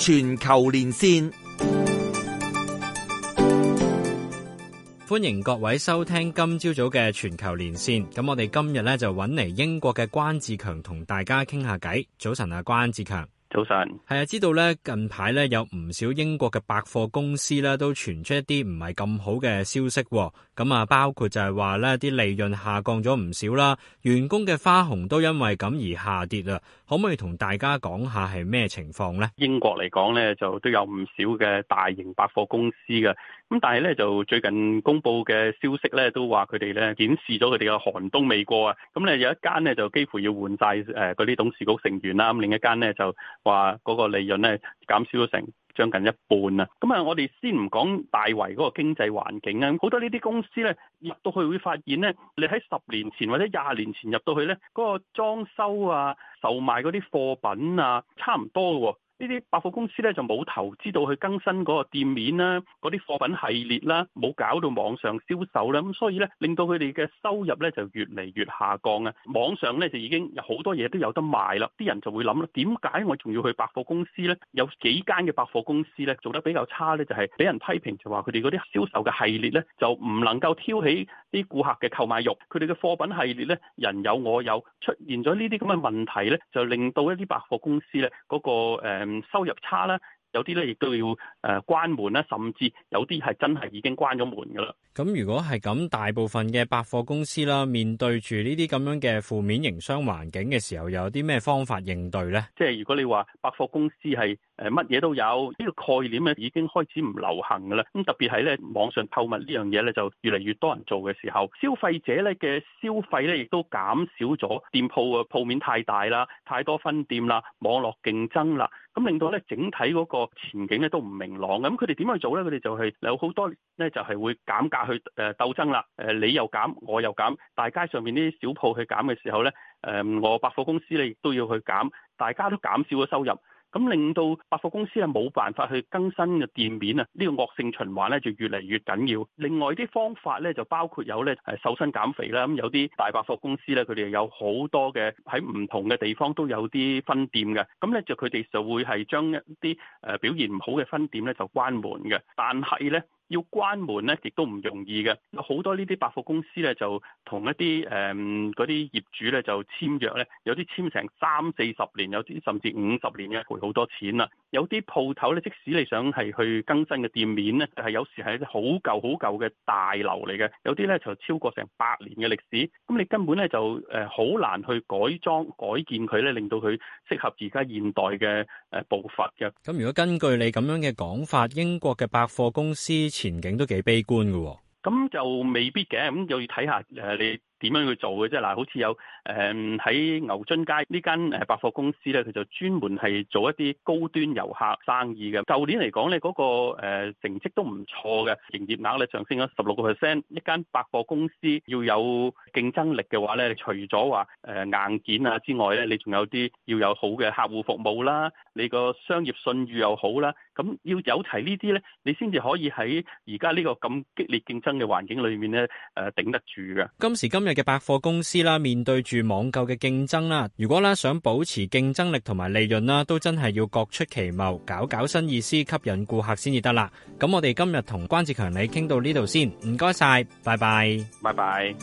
全球連線，歡迎各位收聽今朝早嘅全球連線。咁我哋今日咧就揾嚟英國嘅關志強同大家傾下偈。早晨啊，關志強。早晨，係啊，知道咧，近排咧有唔少英國嘅百貨公司咧都傳出一啲唔係咁好嘅消息喎，咁啊，包括就係話咧啲利潤下降咗唔少啦，員工嘅花紅都因為咁而下跌啊，可唔可以同大家講下係咩情況呢？英國嚟講咧就都有唔少嘅大型百貨公司嘅，咁但係咧就最近公布嘅消息咧都話佢哋咧顯示咗佢哋嘅寒冬未過啊，咁咧有一間呢，就幾乎要換晒誒嗰啲董事局成員啦，咁另一間呢，就。話嗰個利潤咧減少咗成將近一半啊！咁啊，我哋先唔講大圍嗰個經濟環境啊，好多呢啲公司咧入到去會發現咧，你喺十年前或者廿年前入到去咧，嗰個裝修啊、售賣嗰啲貨品啊，差唔多喎。呢啲百貨公司咧就冇投資到去更新嗰個店面啦、啊，嗰啲貨品系列啦、啊，冇搞到網上銷售啦、啊，咁所以咧令到佢哋嘅收入咧就越嚟越下降啊！網上咧就已經有好多嘢都有得賣啦，啲人就會諗啦，點解我仲要去百貨公司咧？有幾間嘅百貨公司咧做得比較差咧，就係、是、俾人批評就話佢哋嗰啲銷售嘅系列咧就唔能夠挑起啲顧客嘅購買欲，佢哋嘅貨品系列咧人有我有，出現咗呢啲咁嘅問題咧，就令到一啲百貨公司咧、那、嗰個、嗯嗯，收入差啦。有啲咧，亦都要誒關門咧，甚至有啲係真係已經關咗門噶啦。咁如果係咁，大部分嘅百貨公司啦，面對住呢啲咁樣嘅負面營商環境嘅時候，有啲咩方法應對咧？即係如果你話百貨公司係誒乜嘢都有呢個概念咧，已經開始唔流行噶啦。咁特別係咧，網上購物呢樣嘢咧，就越嚟越多人做嘅時候，消費者咧嘅消費咧亦都減少咗，店鋪嘅鋪面太大啦，太多分店啦，網絡競爭啦，咁令到咧整體嗰個。個前景咧都唔明朗，咁佢哋點樣做咧？佢哋就係有好多咧，就係會減價去誒鬥爭啦。誒，你又減，我又減，大街上面啲小鋪去減嘅時候咧，誒，我百貨公司咧亦都要去減，大家都減少咗收入。咁令到百貨公司咧冇辦法去更新嘅店面啊，呢個惡性循環咧就越嚟越緊要。另外啲方法咧就包括有咧誒瘦身減肥啦，咁有啲大百貨公司咧佢哋有好多嘅喺唔同嘅地方都有啲分店嘅，咁咧就佢哋就會係將一啲誒表現唔好嘅分店咧就關門嘅，但係咧，要關門咧，亦都唔容易嘅。好多呢啲百貨公司咧，就同一啲誒嗰啲業主咧，就簽約咧，有啲簽成三四十年，有啲甚至五十年嘅，賠好多錢啦。有啲鋪頭咧，即使你想係去更新嘅店面咧，係有時係一啲好舊好舊嘅大樓嚟嘅，有啲咧就超過成百年嘅歷史。咁你根本咧就誒好難去改裝改建佢咧，令到佢適合而家現代嘅誒步伐嘅。咁如果根據你咁樣嘅講法，英國嘅百貨公司前景都幾悲觀嘅、哦，咁就未必嘅，咁又要睇下誒、呃、你。點樣去做嘅即嗱，好似有誒喺、嗯、牛津街呢間誒百貨公司咧，佢就專門係做一啲高端遊客生意嘅。舊年嚟講咧，嗰、那個、呃、成績都唔錯嘅，營業額咧上升咗十六個 percent。一間百貨公司要有競爭力嘅話咧，除咗話誒硬件啊之外咧，你仲有啲要有好嘅客戶服務啦，你個商業信譽又好啦。咁要有齊呢啲咧，你先至可以喺而家呢個咁激烈競爭嘅環境裏面咧，誒、呃、頂得住嘅。今時今日嘅百貨公司啦，面對住網購嘅競爭啦，如果啦想保持競爭力同埋利潤啦，都真係要各出其謀，搞搞新意思，吸引顧客才那先至得啦。咁我哋今日同關志強你傾到呢度先，唔該晒，拜拜，拜拜。